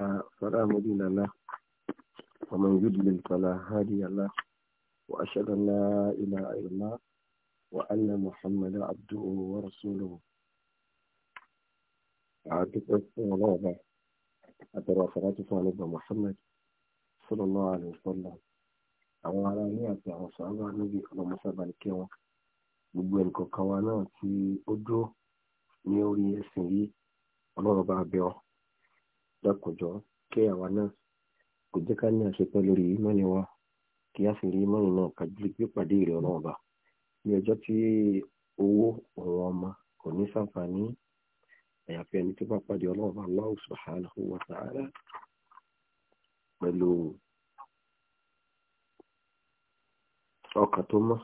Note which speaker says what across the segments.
Speaker 1: فلا مضل له ومن يضلل فلا هادي له وأشهد أن لا إله إلا الله وأن محمدا عبده ورسوله أعتقد الله àtọ̀rọ̀ àfọ̀rọ̀tún fún àlọ́gbà Muhammad sallallahu alaihi wasallam àwọn ará ilé àti àwọn sàábà níbi ọlọ́mọsábà ní kẹwọn gbogbo ẹnìkọ̀ọ̀kan wa náà tí ó dúró ní orí ẹ̀sìn yìí ọlọ́run bá bẹ̀ ọ́ dákùjọ kí àwa náà kò jẹ́ ká ní àṣepẹ́ lórí ìmọ̀ni wa kí a sì rí ìmọ̀ni náà kájú gbé pàdé ìrẹ̀ ọ̀nà ọ̀bà ní ọjọ́ tí owó ọ̀rọ̀ ọmọ kò ní sàǹfààní àyàfi ẹni tó bá pàdé ọlọ́ọ̀bà Allahu subhanahu wa ta'ala pẹ̀lú ọkàn tó mọ́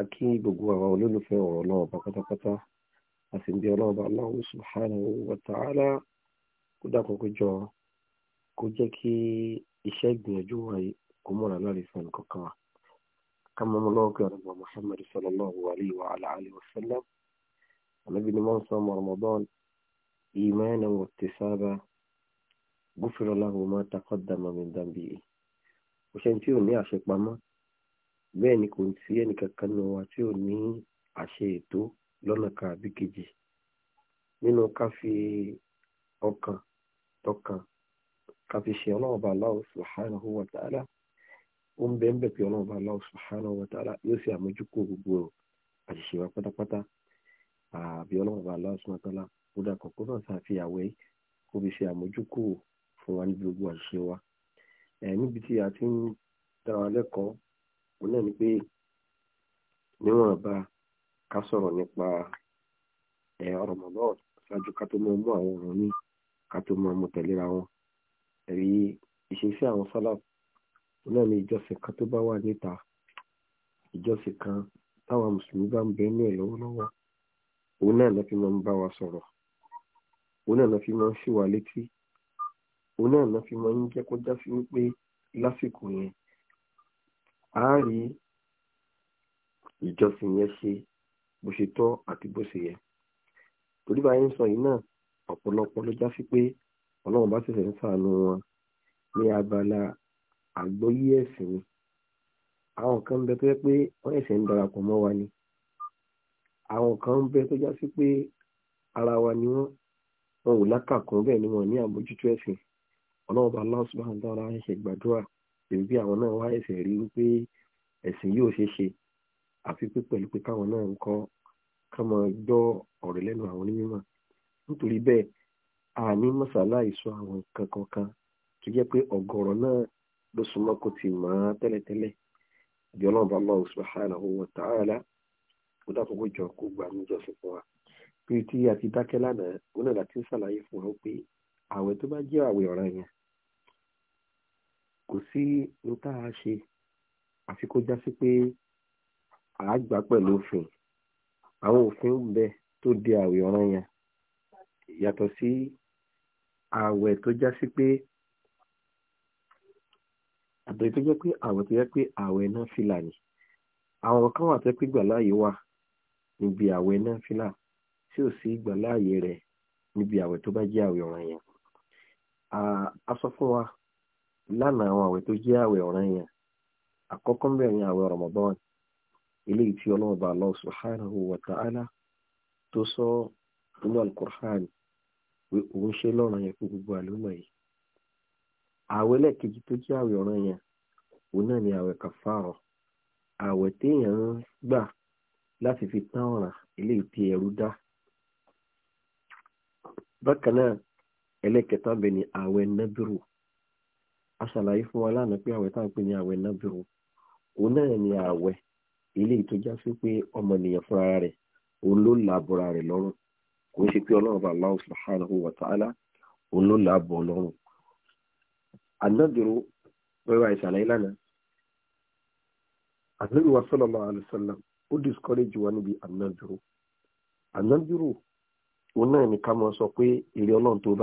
Speaker 1: a kí gbogbo àwọn olólùfẹ́ ọ̀rọ̀ náà ọba pátápátá a sì ń bí ọlọ́ọ̀bà Allahu subhanahu wa ta'ala kó dàpọ̀ kó jọ kó jẹ́ kí iṣẹ́ ìgbìyànjú wa yìí kó mọ̀ra lórí fún ẹnì kankan wa ká mọ ọmọ lọ́wọ́ kí ọ̀rọ̀ bọ̀ Muhammad sallallahu alayhi wa alayhi wa sallam ànábi ni wọ́n sọ ọmọ Ramadan imanan wa ihtisaba gufira lahu ma taqaddama min dhanbihi òṣèǹ tí ò ní àṣepamọ́ bẹ́ẹ̀ ni kò sí ẹnìkankan nínú wa tí ò ní àṣe ètò lọ́nà kan àbí kejì nínú ká ọkàn tọkàn ká fi ṣe ọlọ́run bá Allah subhanahu wa ta'ala ó ń bẹ́ẹ̀ ń bẹ̀ pé ọlọ́run bá Allah subhanahu wa ta'ala yóò ṣe gbogbo wa pátápátá àbí ọlọ́run bá Allah subhanahu wa ta'ala ó wa a ti ń dára lẹ́kọ̀ọ́ òun náà ni pé níwọ̀nba ká sọ̀rọ̀ nípa ọ̀rọ̀ mọ̀lọ́ọ̀ ṣáájú ká tó mọ mú àwọn ká tó máa mú tẹ̀léra wọn ẹ̀rí ìṣesí àwọn sálàf náà ni ìjọsìn kan tó bá wà níta ìjọsìn kan táwọn mùsùlùmí bá ń bẹ inú ẹ̀ lọ́wọ́lọ́wọ́ òun náà lọ́ fi máa ń bá wa sọ̀rọ̀ òun náà lọ́ fi máa ń ṣì wá létí òun náà lọ́ fi máa ń jẹ́ kó já sí wípé lásìkò yẹn a rí ìjọsìn yẹn ṣe bó ṣe tọ́ àti bó ṣe yẹ torí báyìí ń sọ yìí náà Ọpọlọpọ ló já sí pé ọlọ́run bá ṣẹ̀ṣẹ̀ ń sàánú wọn ní abala àgbọ́yé ẹ̀sìn ni àwọn kan ń bẹ tó yẹ pé wọ́n ẹ̀sẹ̀ ń darapọ̀ mọ́ wa ni àwọn kan bẹ tó já sí pé ara wa ni wọn, wọn ò lákàkún bẹ́ẹ̀ ni wọn ní àmójútó ẹ̀sìn ọlọ́run bá àwọn náà wá ẹ̀sẹ̀ rí wípé ẹ̀sìn yóò àfi pé pẹ̀lú pé káwọn náà ń nítorí bẹ́ẹ̀ àní mọ́sálá iso àwọn kankan kan tó jẹ́ pé ọ̀gọ̀rọ̀ náà ló súnmọ́ kó ti mọ̀ ọ́n tẹ́lẹ̀tẹ́lẹ̀ ìjọlọ́ọ̀bá Allah subhanahu wa ta'ala kó dákòókò jọ kó gbà níjọsìn fún wa pé ti a ti dákẹ́ lánàá ó náà láti ń ṣàlàyé fún wa pé àwẹ̀ tó bá jẹ́ àwẹ̀ ọ̀ràn yẹn kò sí ní tá a ṣe àfi kó já sí pé àá gbà pẹ̀lú òfin àwọn òfin ń bẹ tó yàtọ̀ sí ààwẹ̀ tó já sí pé àtọ̀yí tó jẹ́ pé ààwẹ̀ tó jẹ́ pé ààwẹ̀ náà fìlà ni àwọn kan wà tó pé gbàláàyè wà níbi ààwẹ̀ náà fìlà tí ò sí gbàláàyè rẹ̀ níbi ààwẹ̀ tó bá jẹ́ ààwẹ̀ ọ̀ràn yẹn a sọ fún wa lánàá àwọn ààwẹ̀ tó jẹ́ ààwẹ̀ ọ̀ràn yẹn àkọ́kọ́ ń bẹ̀rẹ̀ ààwẹ̀ Ramadan eléyìí tí ọlọ́run bá Allah subhanahu wa ta'ala tó sọ nínú al pé òun ṣe lọ́ràn yẹn fún gbogbo àlùmọ̀ yìí ààwẹ̀ lẹ́ẹ̀kejì tó jẹ́ ààwẹ̀ ọ̀ràn yẹn òun náà ni ààwẹ̀ kàfàrọ̀ ààwẹ̀ téèyàn ń gbà láti fi tán ọ̀ràn eléyìí tí ẹrú dá bákan náà ẹlẹ́kẹta bẹ̀ ni ààwẹ̀ nábìrù a ṣàlàyé fún wa lánàá pé ààwẹ̀ táwọn pè ní ààwẹ̀ nábìrù òun náà ni ààwẹ̀ eléyìí tó já sí pé ọmọnìyàn fúnra rẹ̀ òun ló làbúra rẹ̀ lọ́rùn kò ń ṣe pé ọlọ́run bá Allah subhanahu wa ta'ala òun ló là á bọ̀ ọlọ́run. ànádìrú wẹ́wà ìṣàlàyé lánàá ànábì wa sallallahu alaihi wasallam ó discourage wa níbi ànádìrú ànádìrú òun náà ní ká máa sọ pé èrè ọlọ́run tó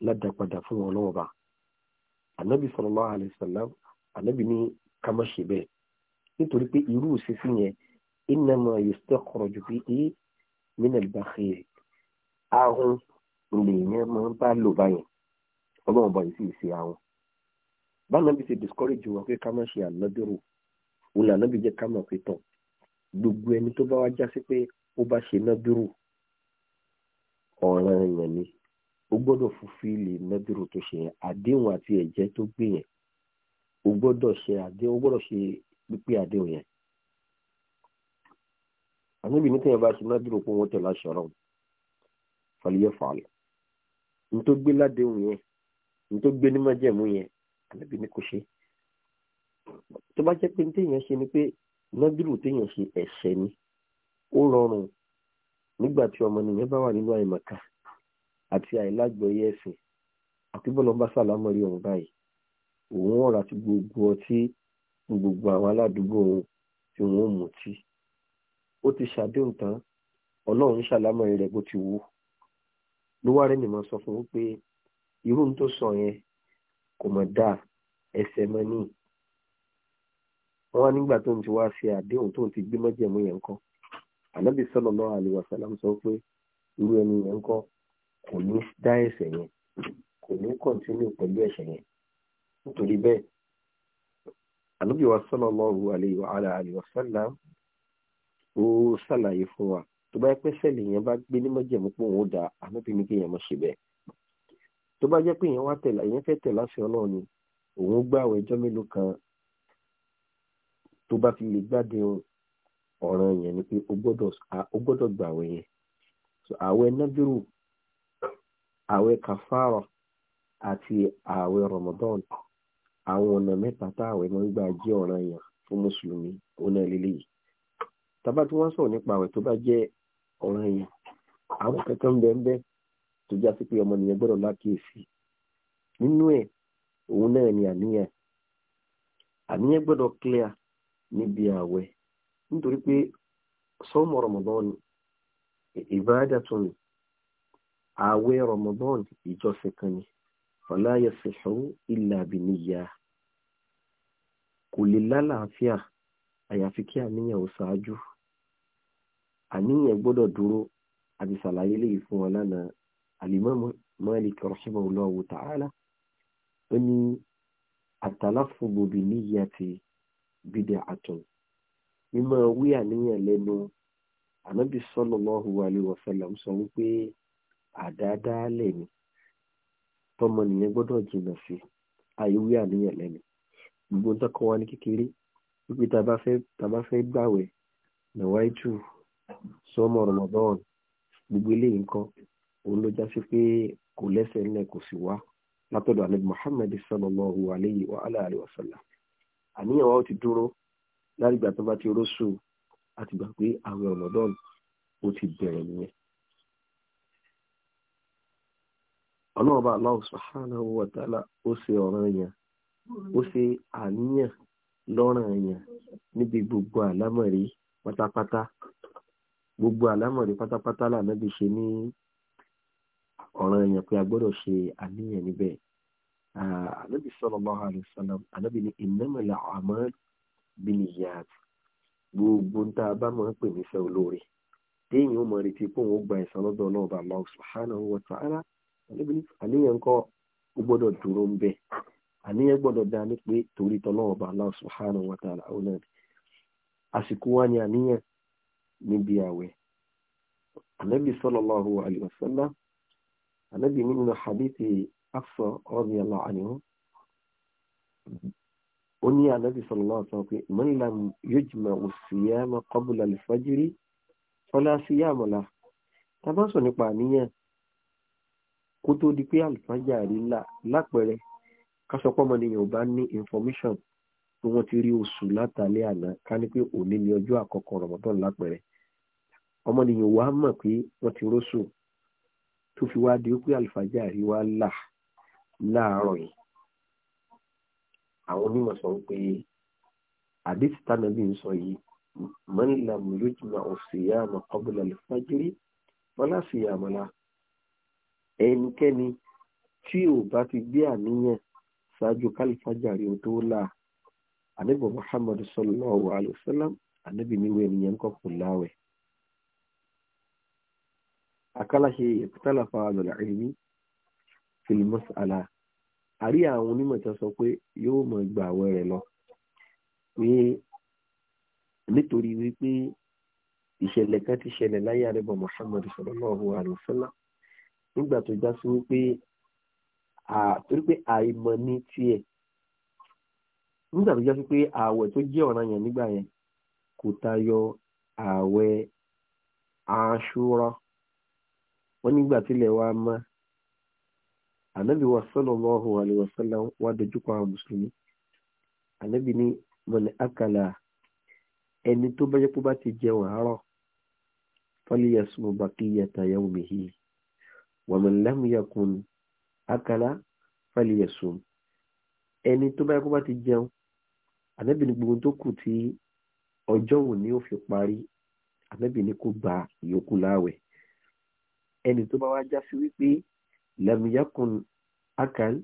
Speaker 1: ládàpadà fún wọn bá ànábì sallallahu alaihi wasallam ní ká bẹ́ẹ̀ nítorí pé irú òṣìṣẹ́ yẹn إنما يستخرج به من البخيل ahun lèèyàn máa ń bá lò báyẹn ọlọ́run bá yìí sì ṣe ahun báwọn bí ṣe discourage wọn pé ká má ṣe ànádúró òun ànábì jẹ́ ká mọ̀ pé tán gbogbo ẹni tó bá wá já sí pé ó bá ṣe nádúró ọ̀ràn èèyàn ni ó gbọ́dọ̀ fúfíìlì nádúró tó ṣe yẹn àdéhùn àti ẹ̀jẹ́ tó gbé ó gbọ́dọ̀ ṣe àdéhùn ó gbọ́dọ̀ ṣe pípé àdéhùn yẹn àníbi ní tẹ̀yìn bá ṣe náà dúró pé wọ́n tẹ̀ láṣọ ọ̀rọ̀ fàlíyẹ fàálẹ̀ ní tó gbé ládéhùn yẹn ní tó gbé ní májẹ̀mú yẹn àníbi ní kò ṣe tó bá jẹ́ pé ní tẹ̀yìn ṣe ni pé nọ́dúró tẹ̀yìn ṣe ẹ̀ṣẹ̀ ni ó rọrùn nígbà tí ọmọ nìyẹn bá wà nínú àìmọ̀ká àti àìlágbọ̀ọ́yé ẹ̀sìn àti bọ́lá ń bá sàlámọ́ báyìí òun ọ̀rà ti gbogbo ọtí gbogbo àwọn aládùúgbò òun tí wọ́n mú tí ó ti ṣàdéhùn tán ọlọ́run ṣàlámọ̀ rẹ̀ bó ti wù ló wá rẹ̀ nìmọ̀ sọ fún un pé irú tó sọ yẹn kò mọ̀ dáa ẹsẹ̀ mọ́ ní wọ́n wá nígbà tó ń ti wá ṣe àdéhùn tó ń ti gbé mọ́jẹ̀mú yẹn kọ́ ànábì sallallahu alaihi wasallam sọ pé irú ẹni yẹn kọ́ kò ní dá ẹ̀ṣẹ̀ yẹn kò ní kọ̀ntínú pẹ̀lú ẹ̀ṣẹ̀ yẹn nítorí bẹ́ẹ̀ ànábì wa sallallahu alaihi wa alihi wasallam ó ṣàlàyé fún wa tó bá yẹ pé sẹ́ẹ̀lì yẹn bá gbé ní májẹ̀mú pé òun ó da àmọ́bí ní kí èèyàn mọ̀ ṣe bẹ́ẹ̀ tó bá jẹ́ pé èèyàn wá tẹ̀lá èèyàn fẹ́ tẹ̀lá sí ọlọ́run ni òun gbà àwọn ẹjọ́ mélòó kan tó bá fi lè gbádùn ọ̀ràn yẹn ni pé ó gbọ́dọ̀ gbà àwẹ̀ yẹn àwẹ̀ nábìrù àwẹ̀ kàfàrà àti àwẹ̀ Ramadan àwọn ọ̀nà mẹ́ta tá àwẹ̀ máa ń gbà jẹ́ ọ̀ràn yẹn fún mùsùlùmí ó náà lélẹ́yìí tàbá tí wọ́n sọ̀rọ̀ nípa àwẹ̀ tó bá jẹ́ ọ̀ràn èèyàn àwọn kankan bẹ́ẹ̀ ń bẹ́ẹ̀ tó já sí pé ọmọnìyàn gbọ́dọ̀ lákìyèsí nínú ẹ̀ òun náà ni àníyàn àníyàn gbọ́dọ̀ clear níbi àwẹ̀ nítorí pé sọ́ọ̀mù Ramadan ibadatun àwẹ̀ Ramadan ìjọsìn kan ni fala yasihu kò àyàfi kí àníyàn ò ṣáájú àníyàn gbọ́dọ̀ dúró àti ṣàlàyé léyìí fún wọn lánàá Al-Imam Malik rahimahullahu ta'ala ó ní àtàláfòbò bí níyàtì bid'atun mímọ́ wí àníyàn lẹ́nu ànábì sallallahu alaihi wa sallam sọ wípé àdáadáalẹ̀ ni tọmọnìyàn gbọ́dọ̀ jìnnà sí àìwí àníyàn lẹ́nu gbogbo ń tọkọ wa ní kékeré wípé tá a bá fẹ́ gbàwẹ̀ nàwáìtù sọmọ Ramadan gbogbo eléyìí nǹkan òun ló já sí pé kò lẹ́sẹ̀ ńlẹ̀ kò sì wá látọ̀dọ̀ àlẹ́ Muhammad sallallahu alayhi wa alayhi wa sallam àníyàn wa ó ti dúró lárìgbà tó bá ti róṣù àti gbà pé àwọn Ramadan ó ti bẹ̀rẹ̀ nìyẹn. ọlọ́run bá Allah subhanahu wa ó ṣe ọ̀ranyàn ó ṣe àníyàn lọ́ràn èèyàn níbi gbogbo àlámọ̀rí pátápátá gbogbo àlámọ̀rí pátápátá lànàbí ṣe ní ọ̀ràn èèyàn pé a gbọ́dọ̀ ṣe àníyàn níbẹ̀ ànábì sallallahu alaihi wasallam ànábì ní innamal a'mal binniyat gbogbo ń tá a bá máa ń pè níṣẹ́ olóore téèyàn ó mọ retí pé òun ó gba ẹ̀san lọ́dọ̀ Ọlọ́run bá Allah subhanahu wa ta'ala àníyàn ńkọ́ ó gbọ́dọ̀ dúró ń bẹ́ẹ̀ àníyàn gbọ́dọ̀ dá ní pé torí tọ́lọ́wọ́ bá Allah subhanahu wa ta'ala àwọn náà àsìkò wa ni àníyàn níbi àwẹ̀ anabi sallallahu alayhi wa sallam anabi nínú hadithi Hafsa radiyallahu anhu ó ní anabi sallallahu alayhi wa sallam pé man lam yujma'u siyama qabla al-fajri fala siyama lahu tá a bá sọ nípa àníyàn kó tó di pé àlùfáàjà rí là lápẹẹrẹ kásọpọ̀ ọmọnìyàn ò bá ní information tí wọ́n ti rí oṣù látàlẹ́ àná ká ní pé òní ni ọjọ́ àkọ́kọ́ Ramadan lápẹ̀rẹ̀ ọmọnìyàn wàá mọ̀ pé wọ́n ti róṣù tó fi wá di pé àlùfáàjà rí wá là láàárọ̀ yìí àwọn onímọ̀ sọ pé àdéhùn tánàbí ń sọ yìí man lam yujma as-siyama qabla al-fajr fala ẹnikẹ́ni tí ò bá ti gbé àníyàn ṣáájú kálífàjàre ò tó là ànábì muhammadu sallallahu alayhi wa sallam ànábì níwẹ̀ ènìyàn kọ́ kò láwẹ̀. àkàlàṣe ìpìtàlàfà lọ́la ilmi fil mas'ala àrí àwọn onímọ̀ tó sọ pé yóò mọ̀ gba àwẹ̀ rẹ̀ lọ nítorí wípé ìṣẹ̀lẹ̀ kan ti ṣẹlẹ̀ láyé ànábì muhammadu sallallahu alayhi wa sallam nígbà tó já sí wípé torí pé àìmọ̀ ní tiẹ̀ nígbà tó jẹ́ sí pé ààwẹ̀ tó jẹ́ ọ̀ràn yẹn nígbà yẹn kò tayọ ààwẹ̀ Àṣúrà wọ́n nígbà tílẹ̀ wá mọ́ ànábì wa sallallahu alaihi wasallam wá dojúkọ àwọn mùsùlùmí ànábì ní mọ̀nì àkàlà ẹni tó bá yẹ kó bá ti jẹun àárọ̀ wa akala faliyasum ẹni tó báyìí kó bá ti jẹun ànábì ní gbogbo tó kù tí ọjọ́ òní ò fi parí ànábì ní kó gba ìyókù láàwẹ̀ ẹni tó bá wá já sí wípé lamiyakun akal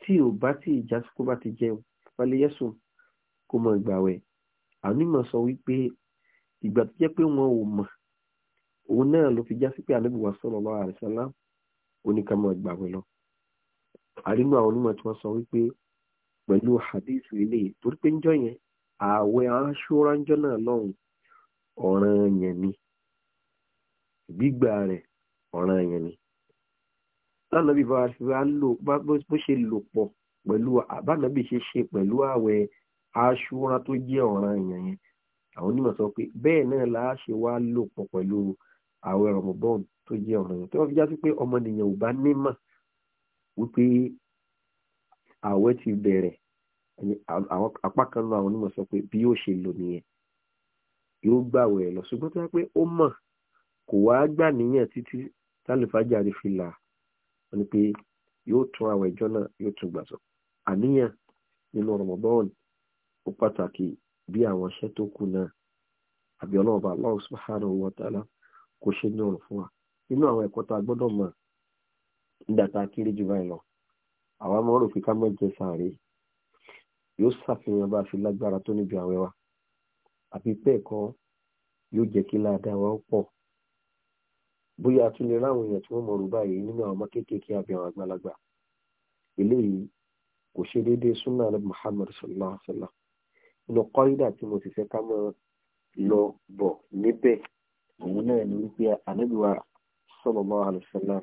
Speaker 1: tí ò bá tí ìjà kó bá ti jẹun faliyasum kó mọ gbàwẹ̀ àwọn onímọ̀ sọ wípé ìgbà tó jẹ́ pé wọn ò mọ̀ òun náà ló fi já sí pé ànábì wa sallallahu alaihi wasallam oníkàmọ́ gbàwẹ̀ lọ àrínú àwọn onímọ̀ tí wọ́n sọ wípé pẹ̀lú hadith ilé torí pé njọ́ yẹn ààwẹ̀ aṣọ́ra náà lọ́hùn ọ̀ràn yẹn ni gbígbà rẹ̀ ọ̀ràn yẹn ni lánàbí bá bó ṣe lò pọ̀ pẹ̀lú àbánàbí ṣe ṣe pẹ̀lú ààwẹ̀ aṣọ́ra tó jẹ́ ọ̀ràn yẹn yẹn àwọn onímọ̀ sọ pé bẹ́ẹ̀ náà la ṣe wá lò pọ̀ pẹ̀lú ààwẹ̀ rọ̀mọ̀bọ́n tó jẹ́ ọ̀ràn yẹn tí wọ́n fi já sí pé ọmọnìyàn ò bá nímọ̀ wípé àwẹ̀ ti bẹ̀rẹ̀ apá kan náà àwọn onímọ̀ sọ pé bí yóò ṣe lò nìyẹn yóò gbàwẹ̀ lọ ṣùgbọ́n tó yẹ pé ó mọ̀ kò wá gbà níyàn títí tálífàjà rí fi là wọ́n ní pé yóò tún àwẹ̀ ìjọ náà yóò tún gbà sọ àníyàn nínú Ramadan ó pàtàkì bí àwọn wa kò ṣe ní ọ̀rọ̀ nígbà tá a kéré jù báyìí lọ àwa máa ń rò pé ká má jẹ sàárè yóò ṣàfihàn bá a fi lágbára tó níbi àwẹ̀ wa àfi bẹ́ẹ̀ kọ́ yóò jẹ́ kí ládàá wa pọ̀ bóyá a tún lè ráwọn èèyàn tí wọ́n mọ̀ rú báyìí nínú àwọn ọmọ kéékèèké àbí àwọn àgbàlagbà eléyìí kò ṣe déédéé Muhammad sallallahu alaihi wa sallam inú kọ́rídà tí mo sì fẹ́ ká máa lọ bọ̀ níbẹ̀ òun náà ni wípé ànábìwá sallallahu alaihi wa sallam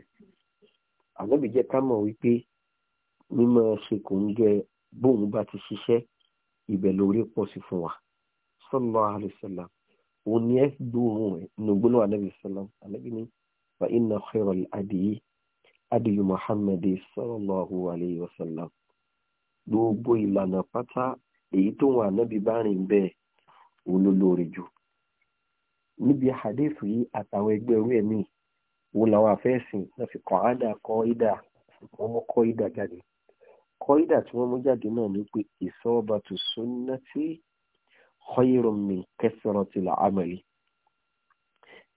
Speaker 1: ànábì jẹ́ ká mọ̀ wípé mímọ́ ṣe kò ń jẹ bóun bá ti ṣiṣẹ́ ibẹ̀ lórí pọ̀ sí fún wa sallallahu alaihi wasallam òun ni ẹ gbóhùn ẹ nùgbónú ànábì sallam ànábì ní fa inna khairal adiyi adiyi muhammad sallallahu alaihi wasallam gbogbo ìlànà pátá èyí tó wọn ànábì bá rìn bẹ́ẹ̀ òun ló lóore jù níbi hadith yìí àtàwọn ẹgbẹ́ orí ẹ̀mí wo làwọn àfẹ́sìn náà fi kàn áàdà kọ́ ìdà wọ́n mú kọ́ ìdà jáde kọ́ ìdà tí wọ́n mú jáde náà ní pé ìsọ́ọ̀bà tó súnná tí khayrun min kasratil amali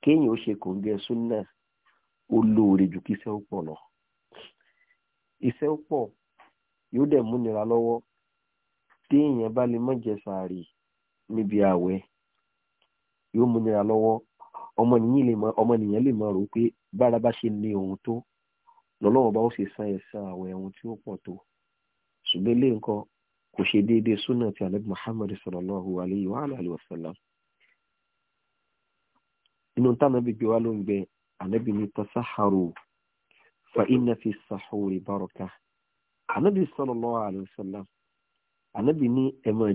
Speaker 1: kéèyàn ó ṣe kòǹgẹ́ súnná ó lóore jù kí iṣẹ́ ó pọ̀ lọ iṣẹ́ ó pọ̀ yóò dẹ̀ múnira lọ́wọ́ téèyàn bá lè má jẹ sàárì níbi ààwẹ̀ yóò múnira lọ́wọ́ ọmọnìyàn lè mọ ọmọnìyàn lè mọ rò pé bára bá ṣe ní òun tó lọ́lọ́wọ́ bá ó sì san ẹ̀san àwẹ̀ ẹ̀hún tí ó pọ̀ tó ṣùgbọ́n ilé nǹkan kò ṣe déédéé súnà tí alẹ́ Muhammad sallallahu alayhi wa alayhi wa sallam inú táwọn ẹbí gbé wa ló ń gbẹ alẹ́bí ní tasaharu fa inna fi sahuri baraka alẹ́bí sallallahu alayhi wa sallam alẹ́bí ní ẹ máa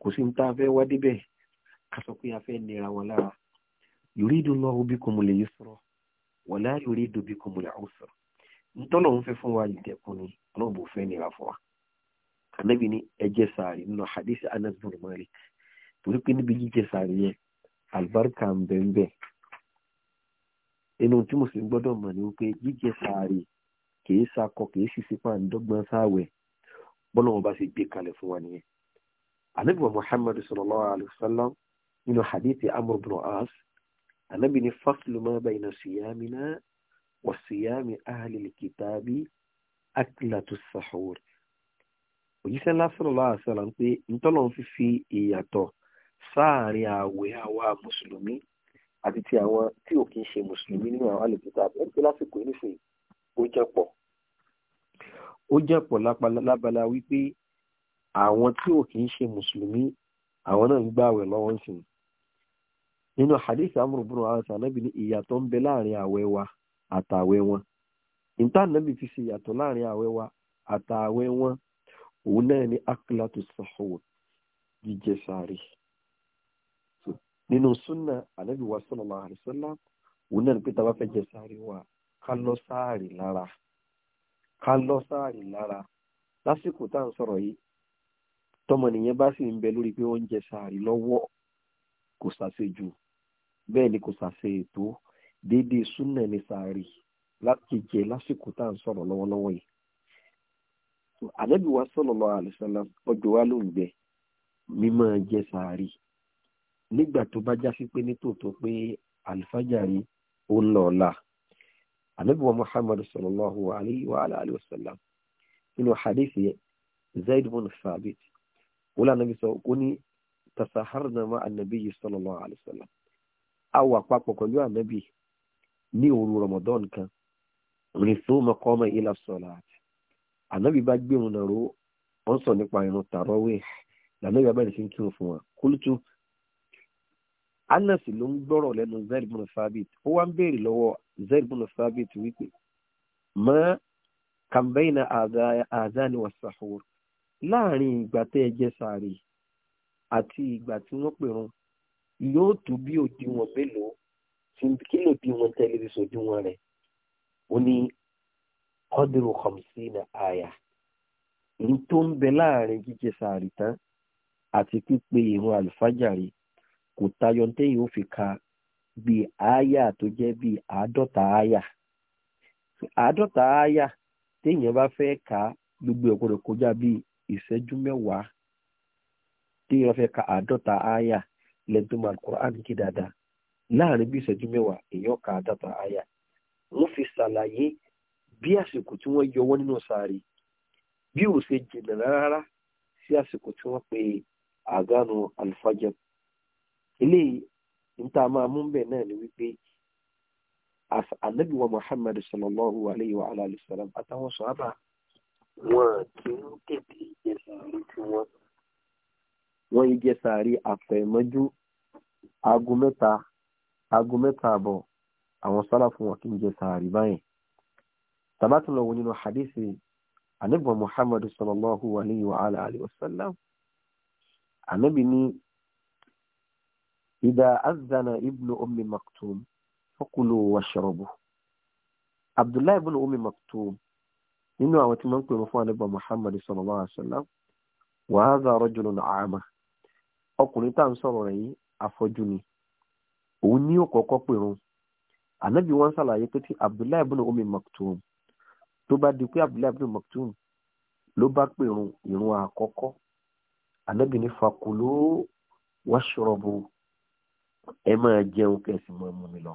Speaker 1: kò sí ní tá fẹ́ wá débẹ̀ kásọ fẹ́ nira wọn lára yuridu Allahu bikumul yusra wala yuridu bikumul usra ntọ́nà ń fẹ́ fún wa ìdẹ̀kùn ni ọlọ́run bò fẹ́ nira fún wa anabi ni ẹjẹ sàárì nínú hadith Anas bin Malik torí pé níbi jíjẹ sàárì yẹn alibarika ń bẹ ń bẹ inú tí mo sì gbọ́dọ̀ mọ̀ ni wípé jíjẹ sàárì kìí sakọ kìí sisi pa ǹdọ́gbọ́n sáwẹ̀ bọ́lá wọn bá sì gbé kalẹ̀ fún wa nìyẹn anabi wa Muhammad sallallahu alayhi wa sallam nínú hadith Amr bin As ànábì ní fásitì ma bayna siyamina wa siyami ahlil kitabi aklatu sahur òjíṣẹ́ ńlá sallallahu alaihi wasallam pé ntọ́lọ́ fi fi ìyàtọ̀ sáàrin àwẹ̀ àwa mùsùlùmí àti ti àwọn tí ò kì í ṣe mùsùlùmí nínú àwọn alìkìtà ẹ̀ ń lásìkò nífẹ̀ẹ́ ó jẹ́ pọ̀ ó jẹ́ pọ̀ lábala wípé àwọn tí ò kì í ṣe mùsùlùmí àwọn náà ń gbààwẹ̀ lọ́wọ́ ń sìn nínú hadith amúrúbúrú ansa anábì ní ìyàtọ̀ ń bẹ láàrin àwẹ̀ wa àtàwẹ̀ wọn níta anábì fi ṣe ìyàtọ̀ láàrin àwẹ̀ wa àtàwẹ̀ wọn òun náà ní akilatu sahur jíjẹ sáré nínú sunna anábì wa sallallahu alaihi wasallam òun náà ní pé tá jẹ sáré wa ká lọ sáàrì lára ká lọ sáàrì lára lásìkò tá à ń sọ̀rọ̀ yìí tọmọnìyàn bá sì ń bẹ lórí pé ó ń jẹ sáré lọ́wọ́ kò ṣàṣejù bẹ́ẹ̀ ni kò ṣàṣe ètò déédéé súnà ní sàárì lákejì lásìkò tá à ń sọ̀rọ̀ lọ́wọ́lọ́wọ́ yìí. ànábì wa sallallahu ọjọ́ wa ló ń gbẹ mímọ́ jẹ sàárì nígbà tó bá jásí pé nítòótọ́ pé àlùfájàrí ó ń lọ ọ̀la ànábì muhammad sallallahu alaihi wa nínú hadith yẹn zayd bin thabit wọ́n lànà bí sọ ó ní tasaharna ma annabi sallallahu alaihi wasallam a wà papọ̀ pẹ̀lú ànábì ní òru ramadan kan rìnsó mọ̀kọ́mọ̀ ilà sọ̀lá ànábì bá gbẹ̀rún náà ró wọ́n sọ nípa irun tàrọ́wé lànàbì abẹ́rẹ́ sí ń kírun fún wa kúlùtù anas ló ń gbọ́rọ̀ lẹ́nu zayd bin thabit ó wá ń béèrè lọ́wọ́ zayd bin thabit wípé mọ́ kàmbẹ́yìnà àdáni wà sàhùr láàrin ìgbà tẹ́ ẹ jẹ sàárì àti ìgbà tí wọ́n pèrún yóò tó bí òdiwọ̀n mélòó kí ló diwọ̀n tẹlifíṣàn òdiwọ̀n rẹ̀ ó ní ọdún kọmsí na àyà ní tó ń bẹ láàrin jíjẹ sàárì tán àti pípe ìrun àlùfájàre kò tayọ téyìn ó fi ka bí àyà tó jẹ́ bí àádọ́ta àyà àádọ́ta àyà téèyàn bá fẹ́ ka gbogbo ẹ̀ gbọ́dọ̀ kọjá bí ìṣẹ́jú mẹ́wàá téèyàn fẹ́ ka àádọ́ta àyà lẹ́ni tó máa Kùránì kí dáadáa láàrin bí ìṣẹ́jú mẹ́wàá èèyàn kà á dàtà àyà wọ́n fi ṣàlàyé bí àsìkò tí wọ́n yọ wọ́n nínú sáré bí ò ṣe jìnnà rárá sí àsìkò tí wọ́n pe àgánu alifájẹ́ eléyìí níta máa mú bẹ́ẹ̀ náà ni wípé anabi wa sallallahu alayhi wa alayhi wa sallam àtàwọn sọ̀hábà wọn kì í tètè jẹ sàárì tí wọn wọn jẹ sàárì àfẹ̀mọ́jú aago mẹ́ta aago mẹ́ta àbọ̀ àwọn sálàfù wọn kì í jẹ sàárì báyìí tàbátì lọ wọ nínú hadithi anabi muhammadu sallallahu alayhi wa alayhi wa sallam anabi ni ìdá azana ibnu ummi maktum fakulu washrabu abdullahi ibnu ummi maktum nínú àwọn tí wọ́n ń pè mọ́ fún anabi muhammadu sallallahu alayhi wa sallam wàhálà rajulun àmà ọkùnrin tá à ń sọ̀rọ̀ rẹ̀ yìí afọ́jú ni òun ní ó kọ́kọ́ pèrun ànábì wọn ṣàlàyé pé tí abdullahi ibn omi maktum tó bá di pé abdullahi ibn maktum ló bá pèrun ìrun àkọ́kọ́ ànábì ní fakulu washrabu ẹ máa jẹun kẹsì mọ́ mú mi lọ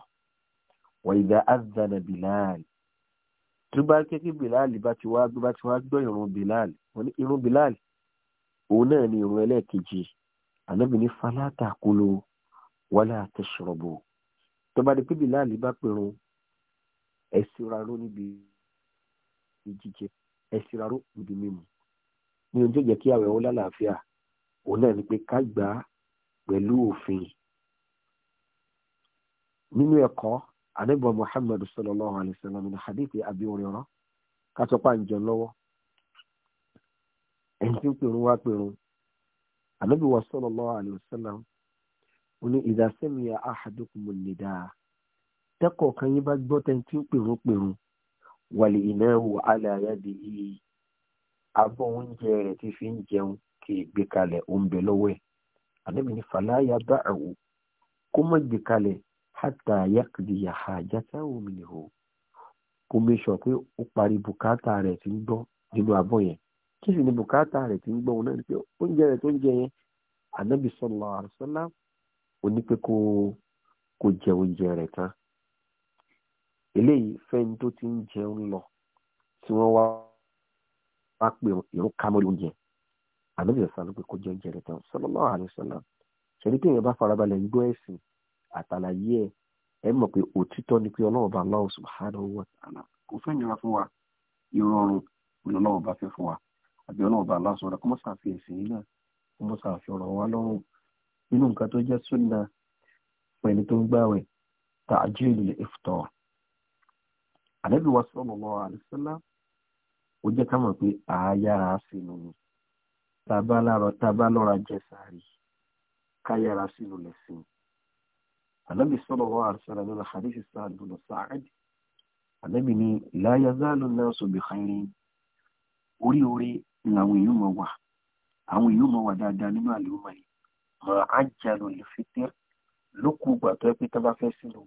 Speaker 1: wa idha azana bilal tó bá kékeré bilal bá ti wá gbọ́ ìrun bilal ìrun bilal òun náà ni ìrun ẹlẹ́ẹ̀kejì yìí ànábì ní falata kulu wala tashrabu tó bá di pé Bilal bá pẹ̀rùn ẹ síra ró níbi jíjẹ ẹ síra ró níbi mímu ní oúnjẹ jẹ kí àwẹ̀ wọn lálàáfíà òun náà ni pé ká gbà á pẹ̀lú òfin nínú ẹ̀kọ́ ànábì Muhammad sallallahu alayhi wa sallam ní hadithi Abi Hurairah ká sọ pé ẹni tí ń pèrún wá pèrún ànábì wa sallallahu alaihi wasallam ó ní idha sami'a ahadukumu nidaa tẹ́kọ̀ọ́ kan yín bá gbọ́ tẹ́ tí ń pèrún pèrún wàlẹ̀ inahu ala yadihi abọ́ oúnjẹ rẹ̀ ti fi ń jẹun kì í gbé kalẹ̀ oúnjẹ lọ́wọ́ ẹ̀ ànábì ní fala yada'u kó má gbé kalẹ̀ hatta yaqdiya hajatahu minhu kó mẹ́sọ̀ pé ó parí ti ń gbọ́ nínú abọ́ yẹn kí sì ni bùkátà rẹ̀ ti ń gbọ́ òun náà ni pé oúnjẹ rẹ̀ tó ń jẹ yẹn ànábì sallallahu alaihi wasallam ó ní pé kó kó jẹ oúnjẹ rẹ̀ tán eléyìí fẹ́ni tó ti ń jẹun lọ tí wọ́n wá wá pé ìrún ká oúnjẹ ànábì sallallahu pé kó jẹ oúnjẹ rẹ̀ tán sallallahu alaihi wasallam pé èèyàn bá farabalẹ̀ gbọ́ ẹ̀sìn àtàlàyé ẹ̀ ẹ mọ̀ pé òtítọ́ ni pé ọlọ́run bá Allah subhanahu wa ta'ala kò fẹ́ nira fún wa ìrọ̀rùn ọlọ́run bá fẹ́ fún wa àbí ọlọ́run bá aláṣọ rẹ̀ kó mọ́ sàfi ẹ̀sìn yìí náà kó mọ́ sàfi ọ̀rọ̀ wa lọ́rùn nínú nǹkan tó jẹ́ súnà pẹ̀lú tó ń gbàwẹ̀ ta'jil al-iftar ànábì wa sallallahu alaihi wasallam ó jẹ́ ká mọ̀ pé àáyára sínú ni tàbá lọ́ra jẹ sàárì káyára sínú lẹ́sìn ànábì sallallahu alaihi wasallam nínú hadith Sa'd ibn Sa'id ànábì ni la yazalu an-nasu bi khairin orí orí ni àwọn èèyàn mọ̀ wà àwọn èèyàn mọ̀ wà dáadáa nínú àlùmọ̀ yìí mọ̀ ájàlù lè fi tẹ́ lókù ìgbà tó yẹ pé tó bá fẹ́ sínú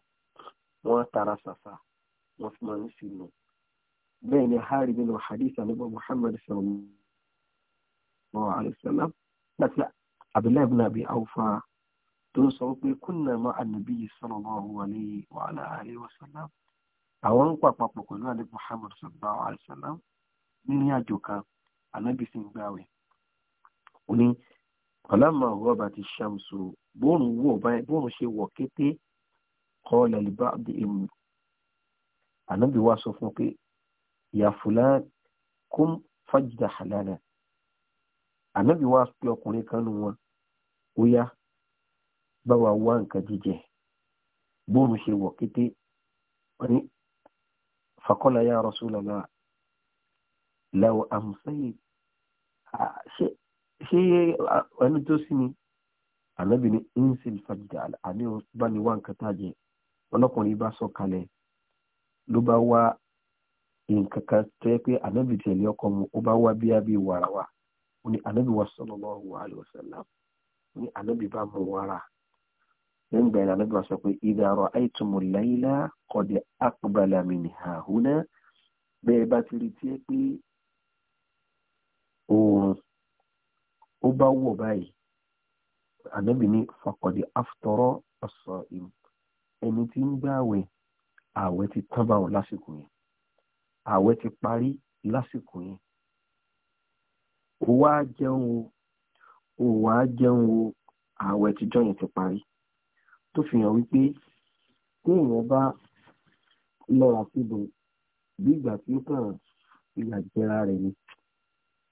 Speaker 1: wọn tara ṣàṣà wọn fi máa ń sínú bẹ́ẹ̀ ni hari nínú hadith alẹ́bọ̀ muhammad sallallahu alayhi wa sallam láti abdullahi ibn abi awfa tó sọ pé kúnnà mọ́ ànàbí sallallahu alayhi wa alayhi wa àwọn ń pàpàpọ̀ pẹ̀lú alẹ́ muhammad sallallahu alayhi wa nínú àjò kan ànábì sì ń gbààwẹ̀ ó ní ọ̀làmà rọ́bà ti ṣàmùsù bóòrùn wọ̀ báyìí bóòrùn ṣe wọ̀ kété kọ́ lẹ́lẹ́bà di èmi ànábì wá sọ fún pé ìyá fúlàn kún fàjìdà halálà ànábì wá pe ọkùnrin kan nù wọn ó yá bá wa wá nǹkan jíjẹ bóòrùn ṣe wọ̀ kété wọn ni fàkọ́lá yá Rasulullah lẹ́wọ̀ àmùsẹ́yì ah, ṣé ah, ẹni tó sí ni ànábì ní insil fàjìdà àní bá ní wá nǹkan tájẹ ọlọ́kùnrin bá sọ kalẹ̀ ló bá wá nǹkan kan tẹ́ pé ànábì tẹ̀lé ọkọ mu ó bá wá bíyà bíi wàràwà ó ní ànábì wa sallallahu alaihi wasallam ó ní ànábì bá mu wàrà nígbà yẹn ànábì wa sọ pé idha ra'aytumul layla qad aqbala min hahuna bẹ́ẹ̀ bá ti rí tiẹ́ pé oorun ó bá wọ̀ báyìí ànábì ní fakọ̀dé aftọ́rọ́ ọ̀sọ̀ ẹni tí ń gbà àwẹ̀ àwẹ̀ ti tán bá wọn lásìkò yẹn àwẹ̀ ti parí lásìkò yẹn ó wá jẹun o ó wá jẹun o àwẹ̀ tíjọ́ yẹn ti parí tó fi hàn wípé tí èèyàn bá lọ́ra síbi bí ìgbà tí ó kàn ìyà jẹra rẹ̀ ni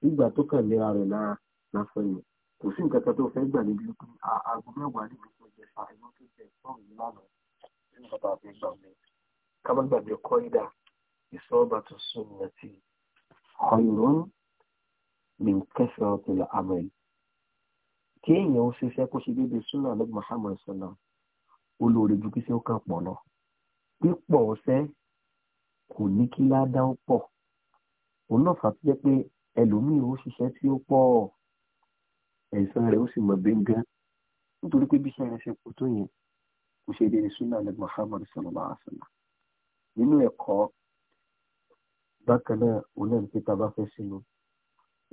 Speaker 1: nígbà tó kàn lera rẹ̀ lára lásán ni kò sí nǹkan kan tó fẹ́ gbà níbi pé aago mẹ́wàá níbi tó jẹ fa iná tó jẹ ìtọ́rùn yìí lánàá sí nǹkan tá a fi gbà mí ká má gbàgbé kọ́ídà ìsọ́ọ̀bà tó sùn àti ọ̀yọ̀rún mi kẹfẹ́ ọ̀tẹ̀lẹ̀ amẹ́lì kí èèyàn ó ṣiṣẹ́ kó ṣe déédéé súnà lọ́gbọ̀n Muhammad sallam olóore ju kí ṣe ó kàn pọ̀ lọ pípọ̀ ọ̀sẹ́ kò ní kí ládàá pọ̀ òun náà fà tó jẹ́ pé ẹlòmíì ó ṣiṣẹ́ tí ó pọ̀ ẹ̀san rẹ̀ ó sì mọ̀ gbẹ̀ngàn nítorí pé bí iṣẹ́ rẹ̀ ṣe pọ̀ tó yẹn kò ṣe déédéé súnà lẹ́gbẹ̀ẹ́ Muhammad sallallahu alaihi wasallam nínú ẹ̀kọ́ bákan náà onídìí bá fẹ́ sínú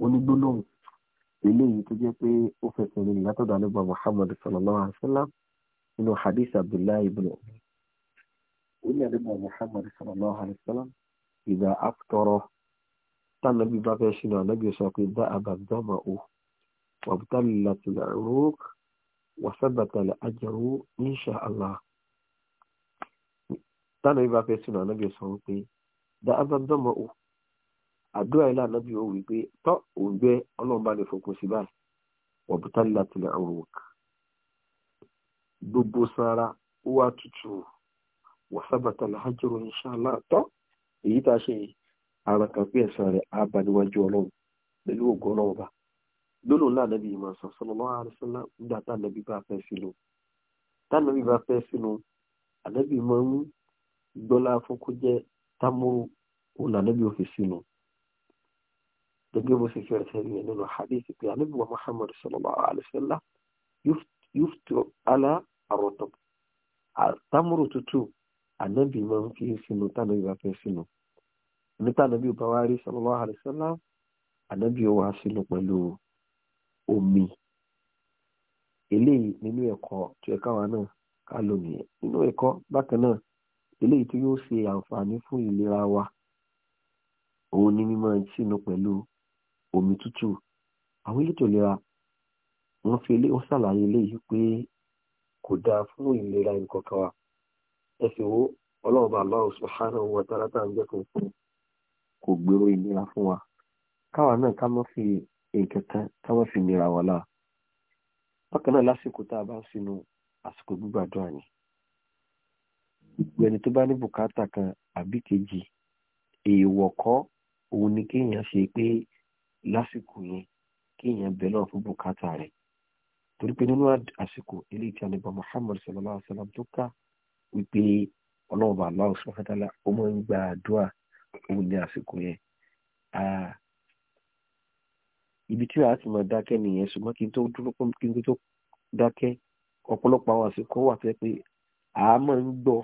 Speaker 1: onígbólóhùn eléyìí tó jẹ́ pé ó fẹsẹ̀ rìn látọ̀dọ̀ àlẹ́gbà Muhammad sallallahu alaihi wasallam nínú hadith Abdullah ibn Umar onídìí àlẹ́gbà Muhammad sallallahu alaihi wasallam ìgbà àpótọ́rọ̀ tánàbí bá fẹ́ ṣìnà ànábì sọ pé dá àbàdàmà o wàbùtàlìlàtìlà rúk wàsábàtàlà àjẹrú insha Allah tánàbí bá fẹ́ ṣìnà ànábì sọ pé dá àbàdàmà o àdúrà ilé ànábì ó wí pé tọ́ òǹgbẹ ọlọ́mọba lè fòkun sí báyìí wàbùtàlìlàtìlà rúk gbogbo sára ó wá tutù wàsábàtàlà àjẹrú insha Allah tọ́ èyí tá a ṣe yìí ara kan pé ẹ̀sán rẹ̀ á bá níwájú ọlọ́run pẹ̀lú ògùn ọlọ́run ọba lónà ńlá nàbí ìmọ̀ sàn sallallahu alaihi wasallam nígbà tá nàbí bá fẹ́ sínú tá nàbí bá fẹ́ sínú ànábì máa ń gbọ́lá fún kó jẹ́ támúrú òun ànábì ò fi sínú gẹ́gẹ́ bó ṣe fi ẹ̀sẹ̀ rí nínú hadith pé ànábì wa Muhammad sallallahu alaihi wasallam yuftu ala àròtọ̀ támúrú tútù ànábì máa ń fi sínú tá nàbí bá fẹ́ sínú nípa ànábì ọba wa rí sallallahu alaihi wasallam ànábì ọwọ́ àṣìlò pẹ̀lú omi eléyìí nínú ẹ̀kọ́ tó ẹ̀ka wa náà ká lò nìyẹn nínú ẹ̀kọ́ bákan náà eléyìí tí yóò ṣe àǹfààní fún ìlera wa òun ni mímọ́ sínú pẹ̀lú omi tútù àwọn elétò ìlera wọ́n fi ilé wọ́n ṣàlàyé eléyìí pé kò dáa fún ìlera ẹnìkọ̀ọ̀kan wa ẹ sì wo ọlọ́ọ̀bà Allah subhanahu wa ta'ala ń jẹ́ kó fún un kò gbèrò ìnira fún wa káwa náà ká má fi nǹkan kan ká má fi nira wa láà bákan náà lásìkò tá a bá ń sinú àsìkò gbígbàdúrà ni gbogbo ẹni tó bá ní bùkátà kan àbí kejì èèwọ̀ òun ni kéèyàn ṣe pé lásìkò yẹn kéèyàn bẹ̀ náà fún bùkátà rẹ̀ torí pé nínú àsìkò eléyìí tí a lè bá Muhammad sallallahu alaihi wa sallam tó ká wípé ọlọ́ọ̀bà aláwọ̀ sọ́kàtàlá ó máa ń gba àdúrà ó ní àsìkò yẹn ibi tí a ti mọ̀ dákẹ́ nìyẹn ṣùgbọ́n kí n tó dúró kí n tó dákẹ́ ọ̀pọ̀lọpọ̀ àwọn àsìkò wà tó yẹ pé a máa ń gbọ́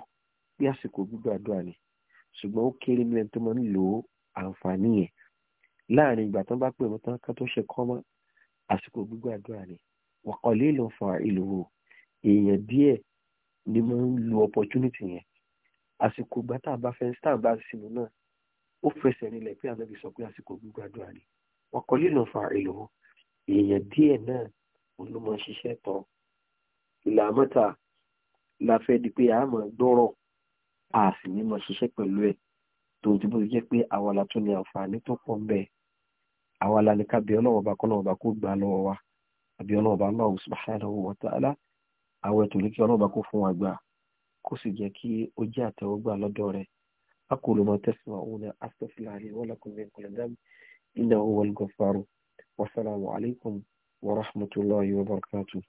Speaker 1: bí àsìkò gbígbàdúrà ni ṣùgbọ́n ó kéré nílẹ̀ tó máa ń lò ó àǹfààní yẹn láàrin ìgbà tó bá pè wọ́n tán ká tó ṣe kọ́ mọ́ àsìkò gbígbàdúrà ni wa qalilun fa'iluhu èèyàn díẹ̀ ni máa ń lo opportunity yẹn àsìkò gbàtà bá fẹ́ star bá sinmi náà ó fẹsẹ̀ nílẹ̀ pé ànábì sọ pé àsìkò gbígbàdúrà ni wọn kọ lílọ fa èlò èèyàn díẹ̀ náà olùmọ ṣiṣẹ́ tán ìlà la fẹ́ di pé àmọ́ gbọ́rọ̀ a sì ní mọ ṣiṣẹ́ pẹ̀lú ẹ̀ tó ti bó jẹ́ pé àwa la tún ní àǹfààní tó pọ̀ ń bẹ àwa la ní ká bí ọlọ́wọ́ bá kọ́ lọ́wọ́ kó gbà lọ́wọ́ wa àbí ọlọ́wọ́ bá Allah subhanahu wa ta'ala àwọn ètò ní kí ọlọ́wọ́ bá kó fún wa gbà kó sì jẹ́ kí ó jẹ́ àtẹ́wọ́gbà lọ́dọ̀ rẹ̀ أقول ما تسمعون أستغفر لي ولكم من كل ذنب إنه هو الغفار والسلام عليكم ورحمة الله وبركاته